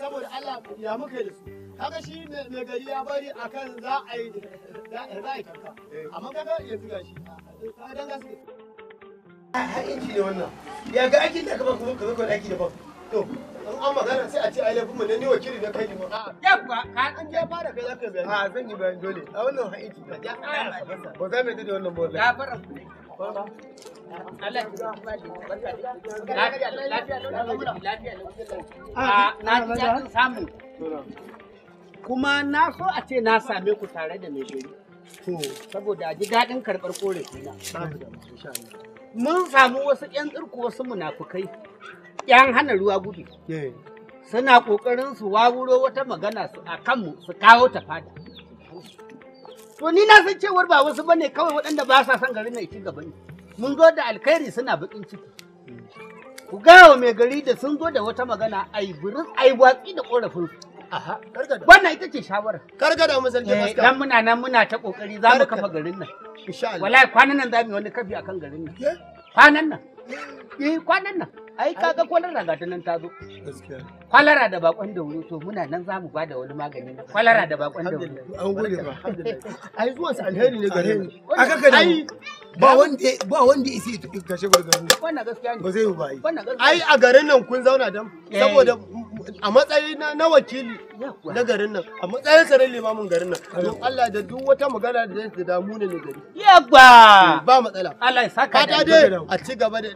saboda Allah ya muka da su kaga shi mai gari ya bari akan za a yi za a yi kanka amma kaga ya ga shi ka dan gaske har ne wannan ya ga da kuma ka zo ka aiki daban to an an magana sai a ce ai laifin mu ne ni wakili kai yabba ka an fara kai zaka bayani a zan yi bayani dole a wannan haiti ba za mu yi da wannan ya fara samu kuma na so a ce na same ku tare da mai shiri saboda ji daɗin karɓar mun samu wasu 'yan tsirku wasu munafukai 'yan hana ruwa gudu eh. suna ƙoƙarin su wawuro wata magana a kanmu su kawo ta fada To ni na san cewar ba wasu bane kawai waɗanda ba sa son garin nan ci gaba ne. Mun zo da alkhairi suna bakin ciki. Ku gawa mai gari da sun zo da wata magana ai burin ai watsi da korafin Aha, kargada. Wannan ita ce shawara. Kargada mu zanje eh, maska. Dan muna nan muna ta kokari za mu kafa garin nan. Insha Allah. Wallahi kwanan nan za mu yi wani kafi akan garin nan. Kwanan nan. Eh kwanan nan. ai kaga kwalara ga ta nan ta zo kwalara da bakon da wuri to muna nan zamu ba da wani magani kwalara da bakon da wuri an gode ba ai zuwa su alheri ne gare ni aka kada ba wanda ba wanda ya isi kashe bargaro wannan gaskiya ne ba zai yi ba ai a garin nan kun zauna dan eh. saboda a matsayi na wakili na garin nan a matsayin sa limamin garin nan don Allah da duk wata magana da zai da mu ne gari yabba eh, ba matsala Allah ya saka da dai a ci gaba da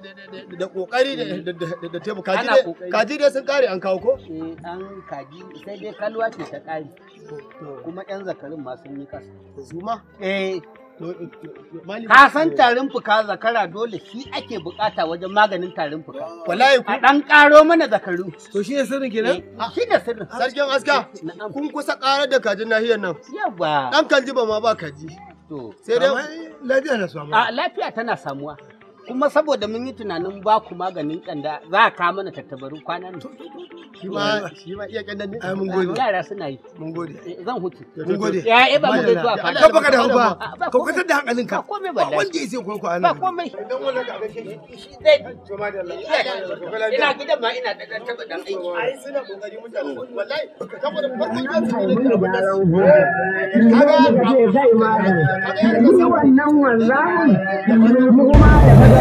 da kokari da da tebu kaji dai kaji dai sun kare an kawo ko eh an kaji sai dai kalwa ce ta kare kuma yan zakarin ma sun yi kasa zuma eh ka san tarin fuka zakara dole shi ake bukata wajen maganin tarin fuka wallahi ku dan karo mana zakaru to shi ne sirrin kenan eh, ah, shi ne sirrin sarkin aska eh, eh, kun kusa ƙara da kajin nahiyar nan yawa dan kanji ba ma ba kaji to sai dai lafiya na samuwa a lafiya tana samuwa kuma saboda mun yi tunanin ba ku maganin kanda za a kawo mana tattabaru kwanan nan shi ma iya kanda ne ai mun gode yara suna yi mun gode eh, zan hutu mun gode ya e ba mun gode zuwa fa ka baka da ba. ka kwatar da hankalinka ba komai ba wanda ya sai kurku anan ba komai Idan wannan ka kake shi zai to ma da Allah ina gidan ma ina da dan taba dan aiki ai suna kokari mutane wallahi Ka farkon da su ne ba kaga zai ma da wannan wanzamin da kuma da